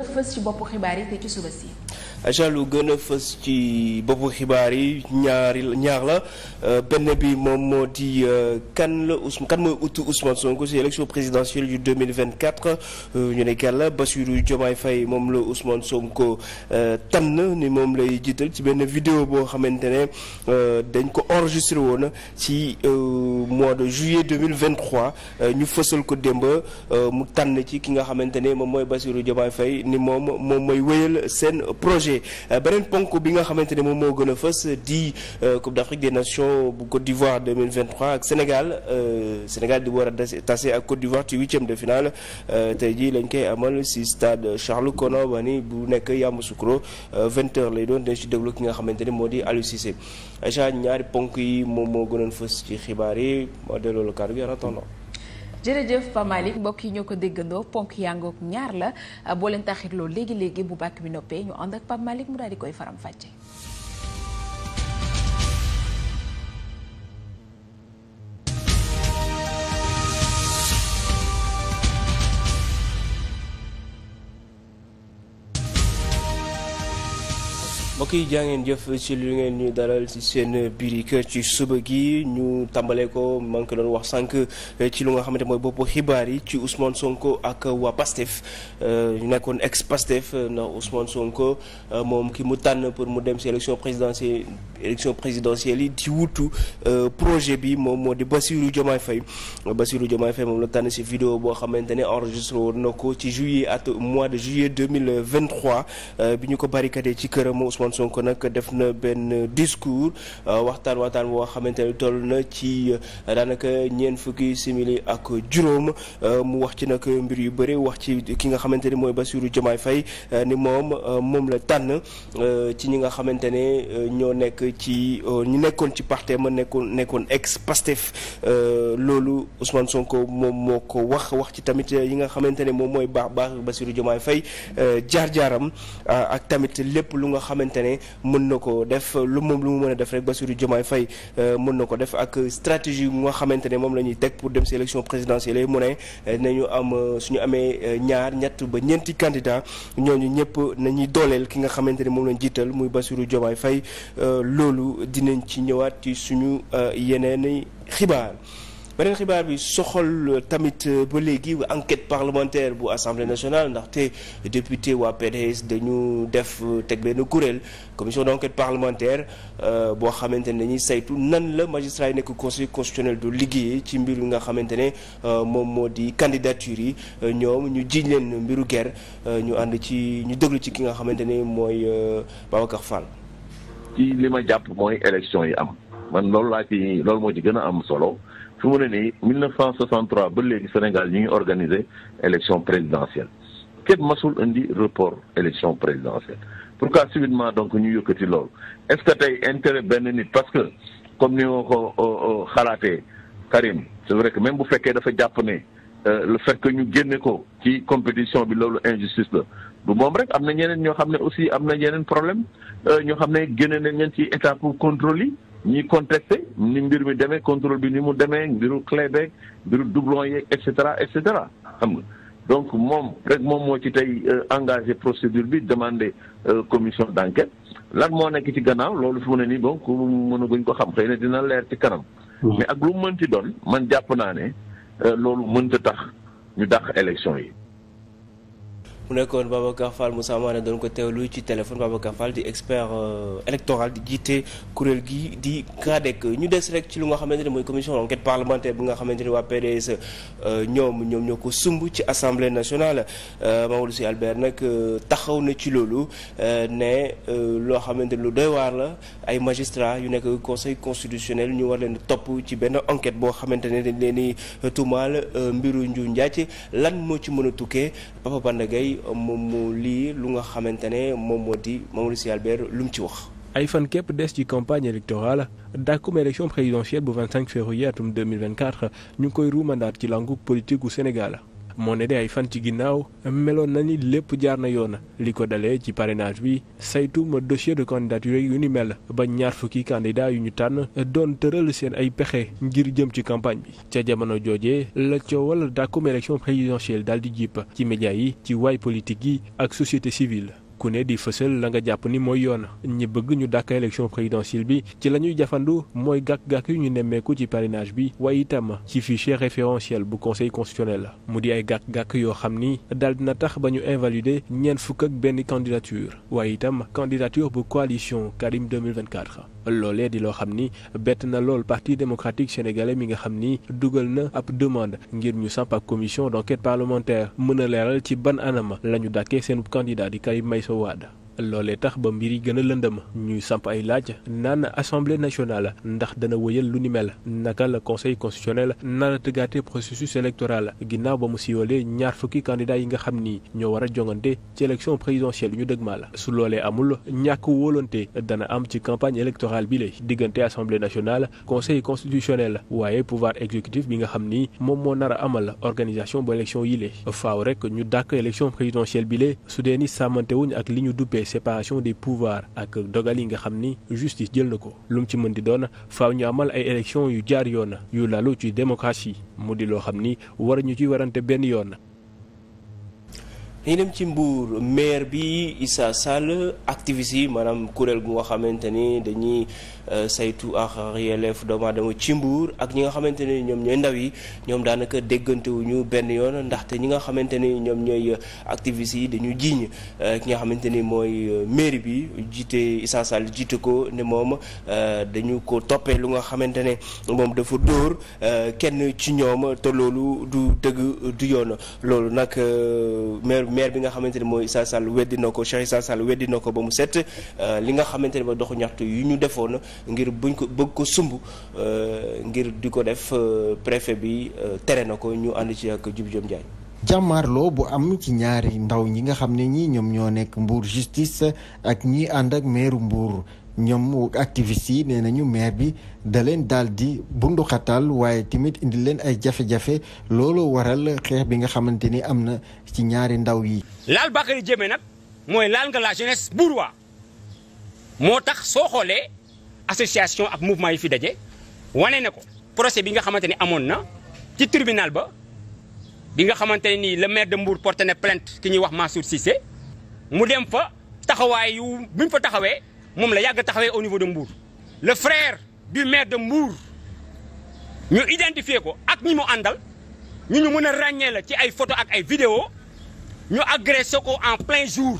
dafa fës ci boppu xibaar yi te ci suba si. agent lu gën a fës ci boppu xibaar yi ñaari ñaar la euh, benn bi moom moo di euh, kan la Ousmane kan mooy utu Ousmane Sonko ci élection présidentielle yu 2024 euh, ñu ne kan la Bassirou Diomaye Faye moom la Ousmane Sonko tànn ni moom lay jiital ci benn vidéo boo xamante ne dañ ko enregistré woon ci mois de juillet 2023 ñu fësal ko démb mu tànn ci ki nga xamante ne moom mooy Bassirou Diomaye fay ni moom moom mooy wéyal seen projet invité euh, beneen ponk bi nga xamante ne moom moo gën a fës di euh, Coupe d'Afrique des Nations bu Côte d'Ivoire 2023 ak Sénégal euh, Sénégal di war a tase ak Côte d'Ivoire ci huitième de finale tey jii lañ koy amal si stade Charles Konomani bu nekk Yamoussoukro 20 heures lay doon dañ ci déglu ki nga xamante ne moo di Aliou Cissé Aja ñaari ponk yi moom moo gënoon fës ci xibaar yi moo delloo la kàddu gi en attendant jërëjëf Pa mbokk yi ñoo ko déggandoo ponk yangook ñaar la boo leen taxit loolu léegi léegi bu bàkk bi noppee ñu ànd ak Pa mu daal di koy faram mbokk yi jàngeen ngeen jëf ci lu ngeen ñu dalal ci seen biir kër ci suba gi ñu tàmbalee ko maa ngi doon wax sànq ci lu nga xamante mooy boppu xibaar yi ci Ousmane Sonko ak waa PASTEF euh, ñu nekkoon ex PASTEF ndax Ousmane Sonko euh, moom ki mu tànn pour mu dem ci élection présidentielle yi di wutu euh, projet bi moom moo di Bassirou Diomaye Faye Bassirou Diomaye Faye moom la tànn ci vidéo boo xamante ne enregistré woon na ko ci juillet at mois de juillet 2023 bi ñu ko barricadé ci këram Ousmane Sonko nag def na benn discours euh, waxtaan waxtaan boo xamante ne toll na ci euh, daanaka ñeent fukki simili ak juróom euh, mu wax ci nag mbir yu bëri wax ci ki nga xamante ni mooy Bassirou Diomaye Faye ni moom moom la tànn ci ñi nga xamante ne ñoo nekk ci ñu nekkoon ci parti ma nekkoon nekkoon ex Pastef loolu Ousmane Sonko moom moo ko wax wax ci tamit yi nga xamante ne moom mooy baax baax Bassirou Diomaye Faye jaar jaaram ak tamit lépp lu nga xamante xamante ne mën na ko def lu moom lu mu mën a def rek Bassirou Diomaye Faye euh, mën na ko def ak stratégie bu nga xamante ne moom la ñuy teg pour dem si élection présidentielle yi mu ne euh, nañu am euh, suñu amee ñaar ñett ba ñeenti candidat ñooñu ñëpp nañuy dooleel ki nga xamante ne moom lañ jiital muy Bassirou Diomaye Faye loolu dinañ ci ñëwaat ci suñu yeneen xibaar beneen xibaar bi soxal euh, tamit euh, ba léegi enquête parlementaire bu assemblée nationale ndaxte député waa PDS dañu def euh, teg benn kuréel commission d' enquête parlementaire boo xamante ne dañuy saytu nan la magistrat yi nekk conseil constitutionnel du liggéey ci mbir yu nga xamante ne moom moo di candidature yi ñoom ñu jiiñ leen mbiru guerre ñu ànd ci ñu déglu ci ki nga xamante ne mooy Babacar Fall. ci li ma jàpp mooy élection yi am man loolu laa ci loolu moo ci gën a am solo fu mu ne nii 1963 ba léegi Sénégal ñu ngi organiser élection présidentielle képp masul indi report élection présidentielle pourquoi subitement donc ñu yokkati loolu est-ce que tey intérêt benn nit parce que comme ni nga ko euh, euh, xalaatee Karim c'est vrai que même bu fekkee dafa jàpp ne euh, le fait que ñu génne ko ci compétition bi loolu injustice la du moom rek am na ñeneen ñoo xam ne aussi am na ñeneen problème ñoo xam ne génne nañ leen ci état pour contrôle yi ñuy contesté ni mbir mi demee contrôle bi ni mu demee mbiru clé beeg mbiru doublon yeeg et cetera et cetera xam nga donc moom rek moom moo ci tey euh, engage procédure bi demandé euh, commission d' enquête lan moo nekk ci gannaaw loolu fi mu ne nii bon ku mënaguñ ko xam xëy ne dina leer ci kanam. mais ak lu mu mënti doon man jàpp naa ne euh, loolu mënta tax ñu dàq élection yi. mu nekkoon Babacar Fall Moussa Mané doon ko teewlu ci téléphone Babacar Fall di expert euh, électoral di jiite kuréel gi di CRADEC ñu des rek ci lu nga xamante ne mooy commission enquête parlementaire bi nga xamante ne waa PDS euh, ñoom ñoom ñoo ko sumb ci assemblée nationale euh, Mamadou Sy Albert nag taxaw na ci loolu ne loo xamante ne lu doy waar la ay magistrats yu nekk conseil constitutionnel ñu war leen topp ci benn enquête boo xamante ne dañ leen di tuumaal mbiru Ndiou Ndiaye lan moo ci mën a tukkee Papa Banda bi moom moo lii lu nga xamante ne moom moo di Mamadou Sy Albert lu mu ci wax. ay fan képp des ci campagne électorale dàkkum élection présidentielle bu 25 février atum 2024 ñu ngi koy ruumandaat ci langu politique gu Sénégal. moo ne de ay fan ci ginnaaw meloon na ni lépp jaar na yoon li ko dalee ci parrainage bi saytuma dossier de candidature yu ni mel ba ñaar fukki candidat yu ñu tànn doon tëral seen ay pexe ngir jëm ci campagne bi ca jamono jooje la coowal dàkkum élection présidentielle daal di jipp ci média yi ci waay politique yi ak société civile. ku ne di fësal la nga jàpp ni mooy yoon ñi bëgg ñu dàkk élection présidentielle bi ci la ñuy jafandu mooy gàkk-gàkk yu ñu nemmeeku ci parrainage bi waaye itam ci fichier référentiel bu conseil constitutionnel mu di ay gàkk-gàkk yoo xam ni daal na tax ba ñu invalider ñeent fukk ak benn candidature waaye itam candidature bu coalition Karim 2024 loolee di loo xam ni bett na lool parti démocratique sénégalais mi nga xam ni dugal na ab demande ngir ñu samp ak commission d'enquête parlementaire mën a leeral ci ban anam la ñu wada loolee tax ba mbir yi gën a lëndëm ñuy samp ay laaj naan assemblée nationale ndax dana wëyal lu ni mel naka la conseil constitutionnel nara tëggaate processus électoral ginnaaw ba mu siiwalee ñaar fukki candidat yi nga xam ni ñoo war a jongante ci élection présidentielle yu ñu dëgmal su loolee amul ñàkk wóolante dana am ci campagne électorale bi la diggante assemblée nationale conseil constitutionnel waaye pouvoir exécutif bi nga xam ni moom moo a amal organisation bu élection yi la faaw rek ñu ay séparation des pouvoirs ak dogal yi nga xam ni justice jël na ko lu mu ci mën di doon faaw ñu amal ay élections yu jaar yoon yu lalu ci démocratie mu di loo xam ni war ñu ci warante benn yoon. dañuy dem ci Mbour maire bi Issa Sall activiste yi maanaam kuréel gu nga xamante ni dañuy euh, saytu ak yelleef doomu aadama ci mbuur ak ñi nga xamante ni ñoom ñooy ndaw yi ñoom daanaka déggante benn yoon ndaxte ñi nga xamante ni ñoom ñooy activiste yi dañu jiiñ euh, ki nga xamante ni mooy euh, maire bi jiite Issa Sall jiite ko ne moom dañu ko toppee lu nga xamante ne moom dafa dóor kenn ci ñoom te loolu du dëgg du yoon loolu nag maire maire bi nga xamante ne mooy Issa Sall weddi ko Cheikh Issa Sall weddi ko ba mu set euh, li nga xamante ne ba doxu ñaxtu yu ñu defoon ngir buñ ko bëgg ko sumb euh, ngir di ko def euh, préfet bi tere na ko ñu ànd ci ak Djibi Diop Ndiaye jàmmaarloo bu am ci ñaari ndaw ñi nga xam ne ñii ñoom ñoo nekk Mbour justice ak ñii ànd ak meeru Mbour ñoom activistes yi nee nañu maire bi da leen daal di bunduxatal waaye tamit indi leen ay jafe-jafe looloo waral xeex bi nga xamante ni am na ci ñaari ndaw yi. laal Bakary Diémé nag mooy laal nga la jeunesse bourgeois moo tax soo xoolee association ak mouvement yi fi daje wane ne ko procès bi nga xamante ni amoon na ci tribunal ba bi nga xamante ne nii la maire de Mbour porté na plainte ki ñuy wax Mansour Cissé mu dem fa taxawaay yu bi mu fa taxawee. moom la yàgg taxawee au niveau de Mbour le frère du maire de Mbour ñu identifier ko ak ñi mu àndal ñu ñu mën a ràññee la ci ay photo ak ay vidéo ñu agressé ko en plein jour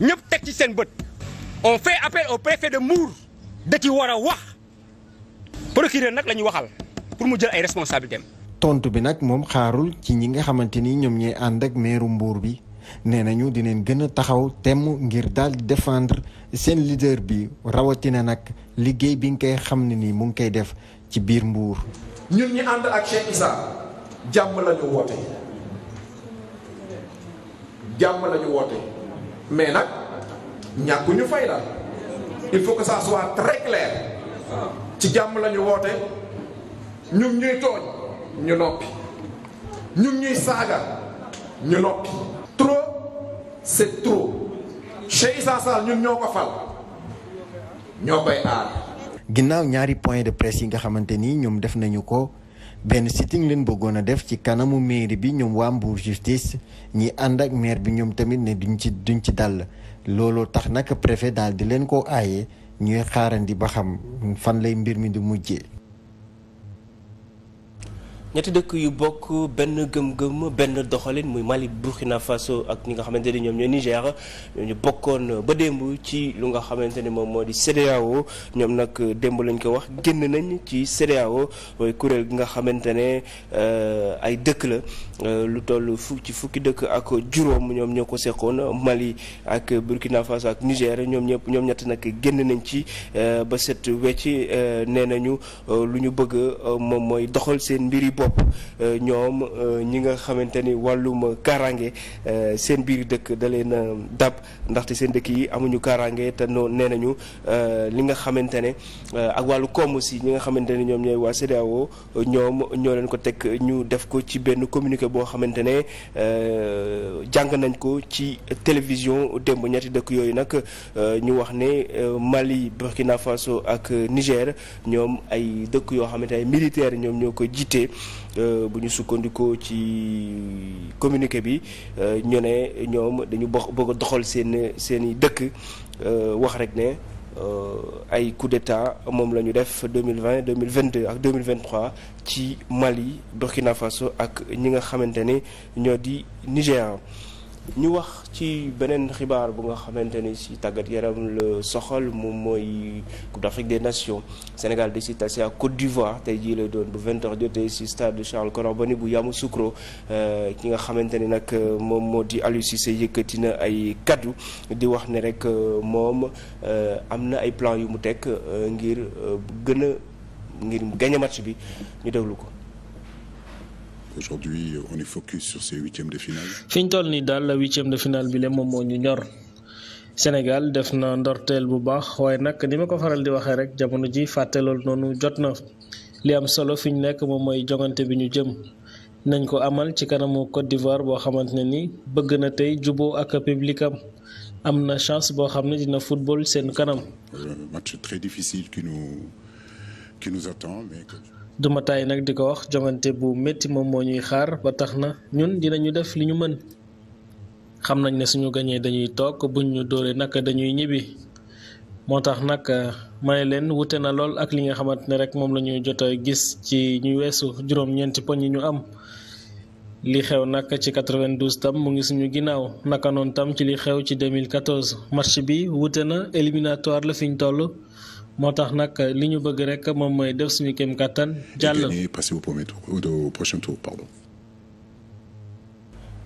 ñëpp teg ci seen bët on fait appel au préfet de Mbour da ci war a wax procureur nag la ñuy waxal pour mu jël ay responsabilités am tontu bi nag moom xaarul ci ñi nga xamante ni ñoom ñooy ànd ak meeru Mbour bi nee nañu dinañ gën a taxaw temm ngir daal defendre seen leader bi rawatina nag liggéey bi nga koy xam ne ni mu ngi koy def ci biir mbuur ñun ñi ànd ak Cheikh Issa jàmm la woote jàmm la woote mais nag ñàkkuñu fay la il faut que ça soit très clair ci jàmm la woote ñun ñuy tooñ ñu noppi ñun ñuy saaga ñu noppi. c'est trop Cheikh Issa Sall ñoo ko fal ñoo koy aar. ginnaaw ñaari point de presse yi nga xamante ni ñoom def nañu ko benn sitiñ leen bëggoon a def ci kanamu mairie bi ñoom waa Mbour justice ñi ànd ak maire bi ñoom tamit ne duñ ci duñ ci dal looloo tax nag préfet daal di leen ko aaye ñuy xaarandi ba xam fan lay mbir mi di mujjee. ñetti dëkk yu bokk benn gëm-gëm benn doxalin muy Mali Burkina Faso ak ñi nga xamante ni ñoom ñooy Niger ñu bokkoon ba démb ci lu nga xamante ni moom moo di CEDEAO ñoom nag démb lañ ko wax génn nañ ci CEDEAO mooy kuréel gi nga xamante ne euh, ay dëkk la euh, lu toll fu ci fukki dëkk ak juróom ñoom ñoo ko seqoon Mali ak Burkina Faso ak Niger ñoom ñëpp ñoom ñett nag génn nañ ci euh, ba set wecc nee nañu lu ñu bëgg moom mooy doxal seen mbir yi bopp euh, ñoom euh, ñi nga xamante ni wàllum kaaraange euh, seen biir dëkk da leen dab ndaxte seen dëkk yi amuñu kaaraange te noonu nee nañu li nga xamante ne ak wàllu koom ñi nga xamante ne ñoom ñooy waa CEDEAO ñoom ñoo leen ko teg ñu def ko ci benn communiqué boo xamante ne jàng nañ ko ci télévision démb ñetti dëkk yooyu nag ñu wax ne Mali Burkina Faso ak Niger ñoom ay dëkk yoo xamante ne ay militaires ñoom ñoo ko jiitee Euh, bu ñu sukkandiku ci communiqué bi euh, ñoo ne ñoom dañu bëgg a doxal seen seeni dëkk euh, wax rek ne ay coup d'état moom la ñu def 2020 2022 ak 2023 ci Mali Burkina Faso ak ñi nga xamante ne ñoo di Nigéria ñu wax ci beneen xibaar bu nga xamante ni si tàggat yaram la soxal moom mooy Coupe d'Afrique des Nations Sénégal di si tase ak Côte d'Ivoire tey jii lay doon bu 20h jotee si stade Charles Korongboni bu Yamoussoukro euh, ki nga xamante ni nag euh, moom moo di Aliou Cissé yëkkati na ay kaddu di wax ne rek euh, moom am na ay plan yu mu teg ngir gën a ngir gañe match bi ñu déglu ko. aujourd'hui toll nii daal la huitième de finale bi le moom moo ñu ñor Sénégal def na ndorteel bu baax waaye nag ni ma ko faral di waxee rek jamono ji fàtte noonu jot na li am solo fi ñu nekk moom mooy jongante bi ñu jëm. nañ ko amal ci kanamu Côte d'Ivoire boo xamante ne ni bëgg na tey jubo ak publicam am na chance boo xam ne dina football seen kanam. Euh, match duma taay nag di ko wax jongante bu métti moom moo ñuy xaar ba tax na ñun dinañu def li ñu mën xam nañ ne suñu gañee dañuy toog buñ ñu dóoree nag dañuy ñibbi moo tax nag ma ne leen wute na lool ak li nga xamante ne rek moom la ñuy jot a gis ci ñu weesu juróom-ñeenti poñ yi ñu am li xew nag ci 92 tam mu ngi suñu ginnaaw naka noon tam ci li xew ci 2014 match bi wute na éliminatoire la fi ñu toll moo tax nag li ñu bëgg rek moom mooy def suñu kéem kattan jàll. passer au premier tour au prochain tour pardon.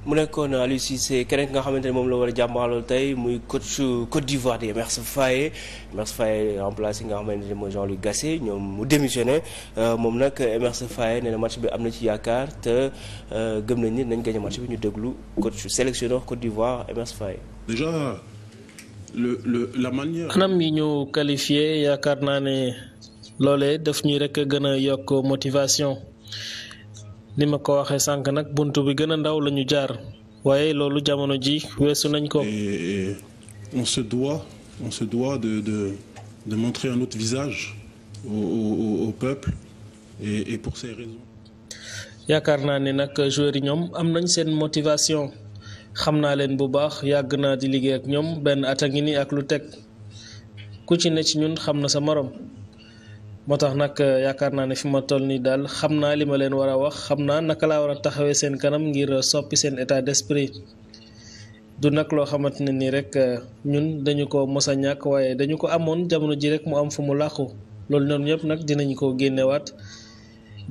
mu nekkoon Aliou Cissé keneen ki nga xamante ne moom la war a jàmbaalool tey muy coach Côte d'Ivoire di Emerse Faé Emerse Faé remplacé nga xamante ne mooy Jean-Louis ñoom mu démissionné euh, moom nag Emerse Faé nee na match bi am na ci yaakaar te euh, gëm nañ ni nañ gagné match bi ñu déglu coach sélectionneur Côte d'Ivoire Emerse Faé. la manière. anam yi ñu qualifié yaakaar naa ne loolee daf ñuy rek gën a yokk motivation li ma ko waxee sànq nag bunt bi gën a ndaw la ñu jaar waaye loolu jamono ji weesu nañ ko. on se doit on se doit de de de montrer un autre visage au peuple et pour ces raisons. yaakaar naa ne nag joueurs yi ñoom am nañ seen motivation. xam naa leen bu baax yàgg naa di liggéey ak ñoom benn at a ngi nii ak lu teg ku ci ne ci ñun xam na sa morom moo tax nag euh, yaakaar naa ne fi ma toll nii daal xam naa li ma leen war a wax xam naa naka laa war a taxawee seen kanam ngir soppi seen état d'esprit du nag loo xamante ne nii rek euh, ñun dañu ko mos a ñàkk waaye dañu ko amoon jamono ji rek mu am fu mu làqu loolu noonu yëpp nag dinañu ko génnewaat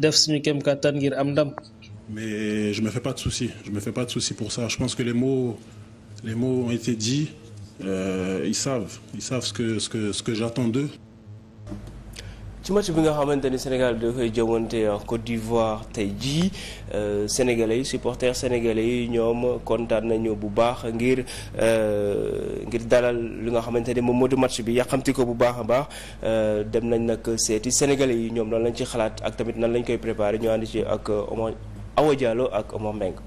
def suñu kem kàttan ngir am ndam. Mais je ne me fais pas de soucis. Je me fais pas de soucis pour ça. Je pense que les mots, les mots ont été dits. Euh, ils savent. ce que, ce que, ce que d'eux. ci match bi nga xamante ni Sénégal da koy jongante Côte d'Ivoire tey jii euh, sénégalais yi supporters sénégalais yi ñoom kontaan nañu bu baax ngir euh, ngir dalal li nga xamante ni moom moo di match bi yàqamti ko bu baax a baax dem nañ nag seeti sénégalais yi ñoom nan lañ ci xalaat ak tamit nan lañ koy préparé ñu ànd ci ak Awa Diallo ak Omar Mbengue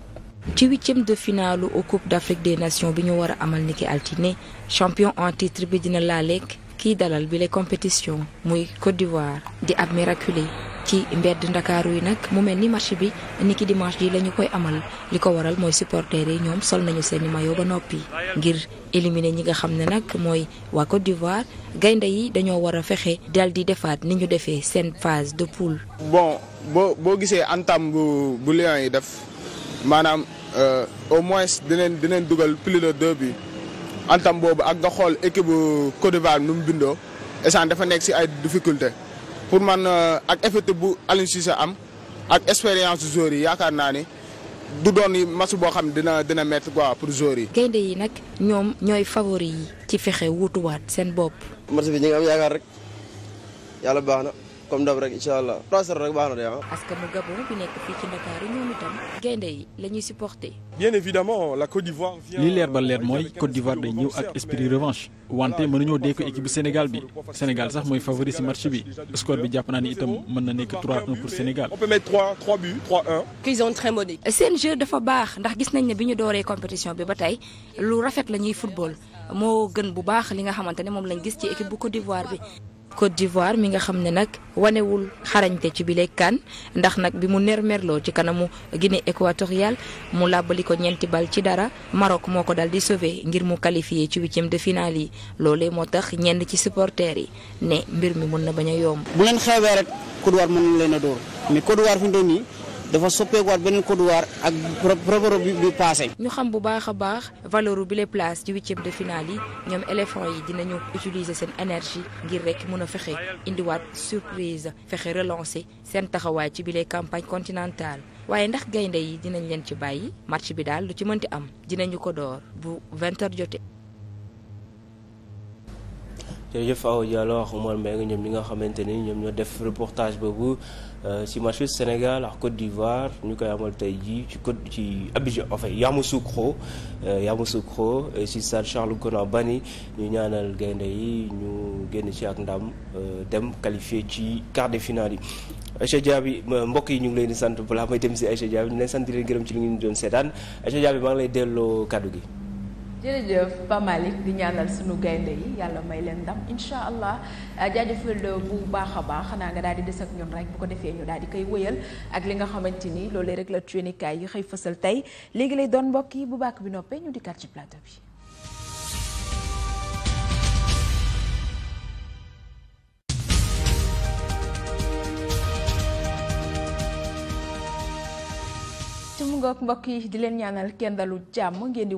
ci huitième de finaalu au coupe d'Afrique des nations bi ñu war a amal niki altine champion en titre bi dina laaleek kiy dalal bi les compétition muy Côte d'Ivoire di ab miraculé ci mbedd ndakaaru yi nag mu mel ni marché bi ni ki dimanche ji la ñu koy amal li ko waral mooy supporters yi ñoom sol nañu seeni maillot ba noppi ngir éliminer ñi nga xam ne nag mooy waa Côte d'Ivoire gaynde yi dañoo war a fexe dal di defaat ni ñu defee seen phase de poule. bon boo boo gisee entame bu bu yi def maanaam euh, au moins dinañ dinañ dugal plus de deux bi entame boobu ak nga xool équipe bu Côte d'Ivoire nu mu bindoo dafa nekk si ay difficulté pour man euh, ak effet bu Aliou Cissé am ak expérience joueurs yi yaakaar naa ne du doon match boo xam ne dina dina métti quoi pour joueurs yi. gaynde yi nag ñoom ñooy favori yi ci fexe wutuwaat seen bopp. match bi ñu am yaakaar rek yàlla baax na. comme dab rek incha allah. 3 rek baax na de ah. mu Gabon bi nekk fii ci Ndakaaru ñoom itam gaynde yi la ñuy supporter. bien évidemment la Côte leer ba leer mooy Côte d'Ivoire day ñëw ak esprit revanche wante mënuñoo dee ko équipe bu Sénégal bi Sénégal sax mooy favori si match bi score bi jàpp naa ni itam mën na nekk 3-1 pour Sénégal. on peut seen jeu dafa baax ndax gis nañ ne bi ñu dooree compétition bi ba tey lu rafet la ñuy football moo gën bu baax li nga xamante ne moom lañ gis ci équipe bu Côte d'Ivoire bi. Côte d'Ivoire mi nga xam ne nag wanewul xarañte ci bile kan ndax nag bi mu neer nermerloo ci kanamu Guinée équatoriale mu làbbali ko ñeenti bal ci dara Maroc moo ko dal di sauvé ngir mu qualifié ci huitième de finale yi loolee moo tax ñenn ci supporters yi ne mbir mi mun na bañ a yomb. bu leen xeebee rek Côte d'Ivoire mën na leen a dóor mais Côte d'Ivoire fi mu toll dafa soppeekuwaat beneen Côte d'Ivoire ak pro bi passé. ñu xam bu baax a baax valeur bi les places ci huitième de finale yi ñoom éléphant yi dinañu utiliser seen energie ngir rek mun a fexe indiwaat surprise fexe relancer seen taxawaay ci bile campagne continentale waaye ndax gaynde yi dinañ leen ci bàyyi match bi daal lu ci mënti am dinañu ko door bu vingt heures jotee. jërëjëf Awa Diallo ak Omar Mbengue ñoom ñi nga xamante ni ñoom ñoo def reportage boobu euh, ci match Sénégal ak Côte d'Ivoire ñu koy amal tey jii ci côte ci Abidjan enfin Yamoussoukro euh, Yamoussoukro euh, ci stade Charles ni ñu ñaanal gaynde yi ñu génn ci ak ndam dem qualifié ci quart de finale yi. Aïcha Diaby mbokk yi ñu ngi leen di sant balaa may dem ci Aïcha Diaby ñu leen sant di leen gërëm ci li ngeen doon seetaan Aïcha Diaby maa ngi lay delloo kàddu gi. jërëjëf Pa Malick di ñaanal suñu gaynde yi yàlla may leen ndam incha allah ah, jaajëfal bu baax a baax xanaa nga daal di des ak ñun rek bu ko defee ñu daal di koy wëyal ak li nga xamante ni loolee rek la tuyenikaay yi xëy fësal tey léegi lay doon mbokk yi bu baax bi noppee ñu dikkaat ci plateau bi. ci mu ngoog mbokk yi di leen ñaanal kenn dalu jàmm ngeen di.